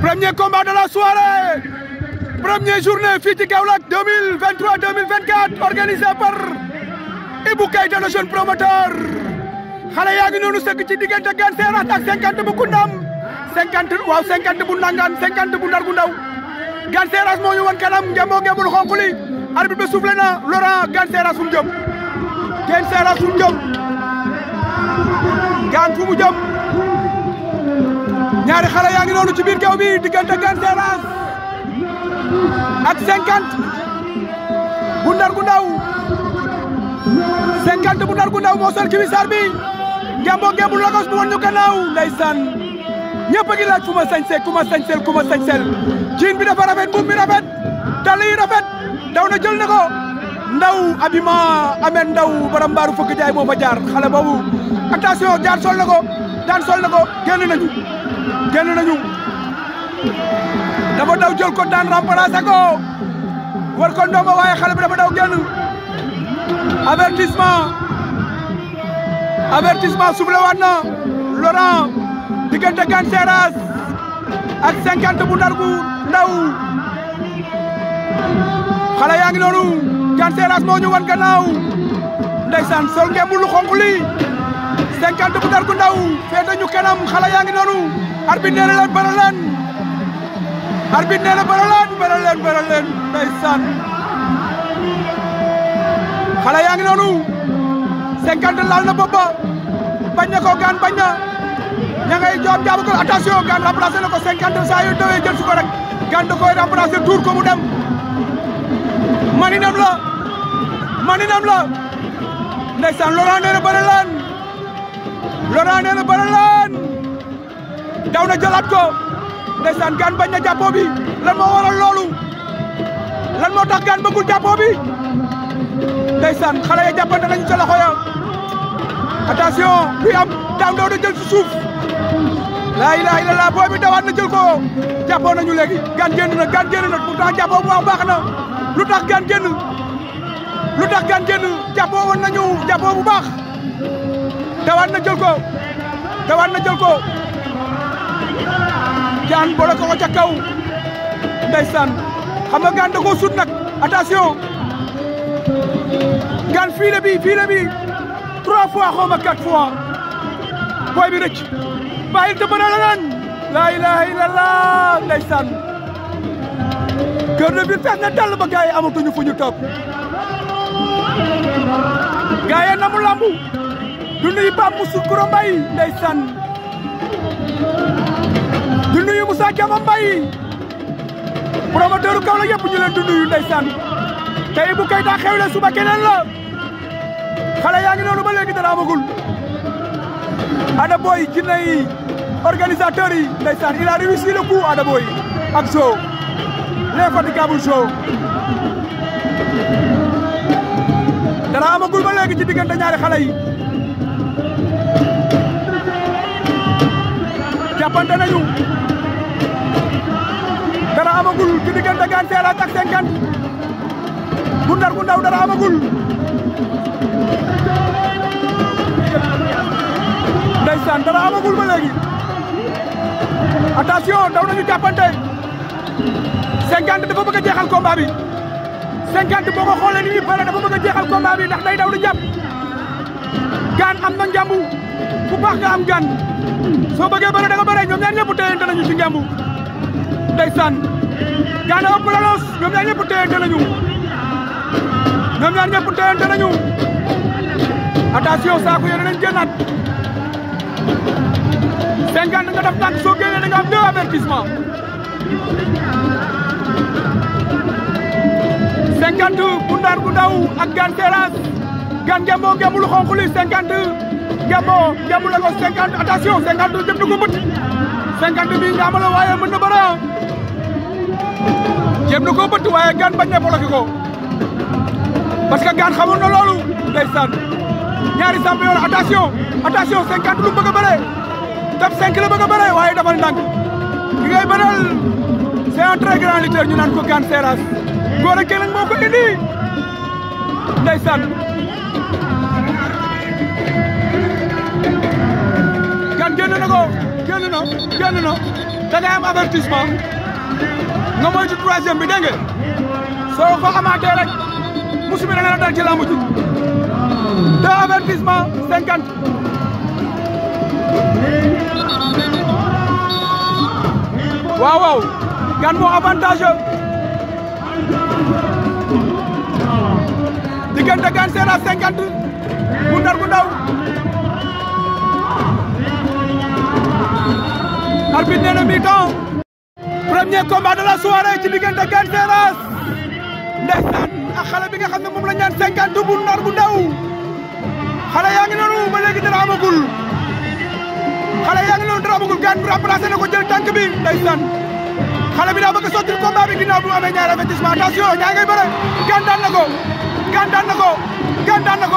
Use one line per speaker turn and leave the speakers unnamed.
Premier combat de la soirée Première journée Fiti Kaulak 2023-2024 organisée par Ibou Keita le jeune promoteur xale yaa ngi noonu sëgg ci diggante Gane Seras ak 50 bu Koundam 50 waaw 50 bu Ndangaan 50 bu Ndar gu ndaw Gane Seras moo ñu wan kanam ngemoo ngemul xonq li arbitre bi soufflé na Laurent Gane Seras fu um mu jëm Gane Seras fu um mu jëm Gane fu mu jëm ñaari xale yaangi nonu ci biir kaw bi digënté Gane Seras ak 50 bu ndar gu ndaw 50 bu ndar gu ndaw mo sol kiwisaar bi ngemboo ngembu logos bu woon ñu gannaaw ndaysan ñepp gi ngi laaj fu ma sañse ku ma sañsel ku ma sañsel jiin bi dafa rafet bu bi rafet dal yi rafet daw na jël nako ndaw abima amen ndaw borom baru fukk jaay mo fa jaar xale bobu attention jaar sol nako dan sol nako genn nañu génn nañu dafa daw jël ko daan remplacé ko war ko ndomba waaye xale bi dafa daw génn avertissement avertissement soufflé waat na Laurent diggante Gane Seras ak bu ndar bu ndaw xale noonu Gane moo ñu wan gannaaw ndeysaan sol ngeen mu lu bu ndar bu ndaw ñu kanam xale yaa noonu Arbin Berlin Arbinderelen Berlin Berlin Berlin ndeysaan xale yaa ngi yang cinquante laal na bopp ba bañ banyak, ko gaan bañ na jawab ngay joob jaabu ko attention gaan remplacé na ko cinquante saa yu dawee jël su tur rek gaan da koy mani tuur ko mu dem maninam la maninam la ndeysaan Laurent daw na jëlaat ko ndeysaan gan bañ na jappo bi lan mo waral loolu lan mo tax gan bëggul jappo bi ndeysaan xale ya jàppante nañu ci loxo ya attention bi am daaw daw na jël ci suuf la ilaha illallah boo bi dawal na jël ko jappo nañu legi gan génn na gan génn na pourtant jappo bu wax baax na lu tax gaan génn lu tax gaan nañu jappo bu bax dawal na jël ko dawal na jël ko jaan boole ko ko ca kaw ndeysaan xam nga gaan da ko sut nak attention gan fii la bii fii la bii trois fois xoma quatre fois boy bi rëcc bayil te mën la naan la ilaha illallah ndeysaan keur bi biir na dal ba gay amatu ñu fu ñu toog gars namu lambu du nuyu Pape Moussa Koura Mbaye Moussa membaik, promoteur kaw la yëpp ñu leen di nuyu ndeysaan tey bu kayta xewle suba keneen la xale yaa ba dara Ada Boy jinne yi organisateurs yi ndeysaan il a réussi le coup Ada Boy ak show l'infatigable show dara amagul ba léegi ci diggante ñaari xale yi jàppante nañu dara amagul ci diggante Gane tak ak bundar bu Ndar bu ndaw dara amagul ndeysaan dara amagul ba léegi attention daw nañu jàppante Senghane dafa bëgg a jeexal combat bi Senghane boo ko xoolee ni muy pare dafa bëgg a jeexal combat bi ndax day daw di jàpp Gane am na njàmbu bu baax nga am Gane bëre da nga bëre ñaar nañu ci ndeysaan Diané ëpp na los ñoom ñaar ñëpp téyante nañu ñoom ñaar ñëpp téyante nañu attention saako yéen a leen génnaat nga def tànk soo génnee da nga am deux avertissement cinquante bu ndaw ak Gembo Gembu lu li cinquante Gembo Gembu la cinquante attention cinquante jëm na bët cinquante bi waaye mën na dem na koo bëtt waaye gaan bañ na bloqué ko parce que gaan xamoon loolu ndeysaan ñaari champion la attention attention cinquante lu bëgg a bëree top cinq la bëgg a bëree waaye dafa ndànk ki ngay bëral c'est un très grand lutteur ñu naan ko gaan seeraas góor a keneen moo ko indi ndeysaan gaan génn na ko génn na génn na da ngay am avertissement nga moytu troisième bi dégg nga soo ko xamaatee rek musiba dana la dal ci lamb ji deux avertissement cinquante waaw waaw gan moo avantage diggante Gane Sène ak cinquante bu ndar bu ndaw arbitre nee na mi-temps premier combat de la soirée ci diggante Gane Seras ak xale bi nga xam mom la ñaan 50 bu nor bu ndaw xale yaangi nonu ba légui dara amagul xale yaangi nonu dara amagul gan remplacer nako jël tank bi ndeysaan xale bi da bëgg a sotti combat bi ginaaw bu amé ñaar avertissement attention ñaa ngay bëre Gane daan na ko Gane daan na